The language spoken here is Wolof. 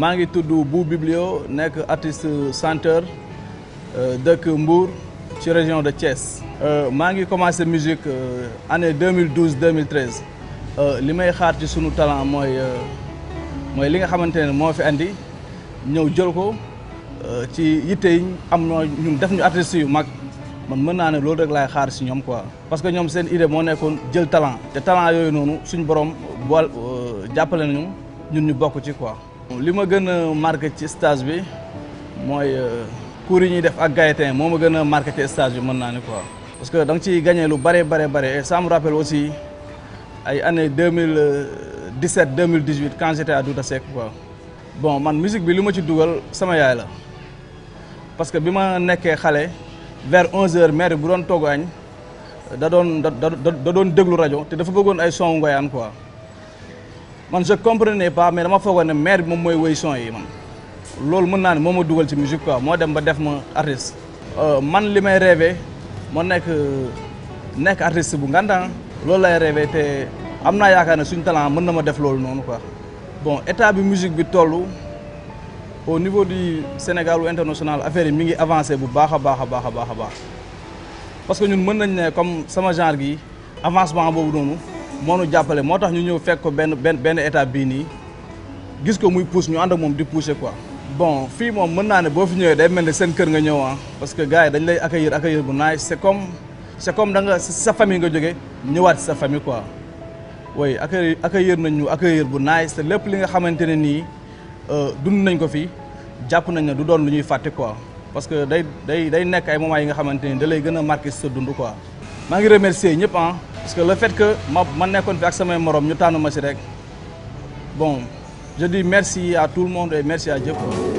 maa ngi tudd Bou Biblio nekk artiste chanteur euh, dëkk Mbour ci région de Thiès. Euh, maa ngi commencé musique euh, année 2012 2013 li may xaar ci sunu talent mooy mooy li nga xamante ne moo fi andi ñëw jël ko ci yitte yi am noo ñun def ñu artistes yu mag man mën naa ne loolu rek laay xaar si ñoom quoi. parce que ñoom seen idée moo nekkoon jël talent te talent yooyu noonu suñ borom bool jàppale nañu ñun ñu bokk ci quoi. li ma gën a marqué ci stage bi mooy euh, cours yi ñuy def ak Gaëtan moo ma gën a marqué ci stage bi mën naa ne quoi. parce que da nga ciy gagné lu bare bare bare et ça me aussi ay années deux mille dix sept deux mille dix huit quand j'étais à Douta Seck bon man musique bi li ma ci dugal sama yaay la parce que bi ma nekkee xale vers onze heures mère bu doon togg añ da doon da da doon déglu rajo te dafa bëggoon ay son ngoyaan quoi. man je comprenais pas mais dama foogoon ne maire bi moom mooy woy son yi man loolu mën naa ne moom ma dugal ci musique quoi moo dem ba def ma artiste. Euh, man li may rêvé ma nekk nekk artiste bu ngàntaan ah. loolu lay rêvé te am naa yaakaar ne suñu talent mën na ma def loolu noonu quoi bon état bi musique bi toll au niveau di Sénégal international affaire yi mi ngi avancé bu baax a baax a baax baax a baax parce que ñun mën nañ ne comme sama genre gi avancement boobu noonu. moo nu jàppale moo tax ñu ñëw fekk ko benn benn benn état bii nii gis ko muy pousse ñu ànd ak moom di pousser quoi. bon fii moom mën naa ne boo fi ñëwee day mel ne seen kër nga ñëw ah parce que gars dañ lay accueillir accueillir bu naaj c'est comme comme da nga sa famille nga jógee ñëwaat sa famille quoi. oui accueillir accueillir nañ ñu accueillir bu naay te lépp li nga xamante ne nii euh, dund nañ ko fii jàpp nañ ne du doon lu ñuy fàtte quoi parce que day day day nekk ay moom moments yi nga xamante ni da lay gën a marqué sa dund quoi. maa ngi remercier ñëpp ah. parce que le fait que ma ma nekkoon fi ak samay morom ñu tànn ma si rek bon je dis merci à tout le monde et merci à Dieu.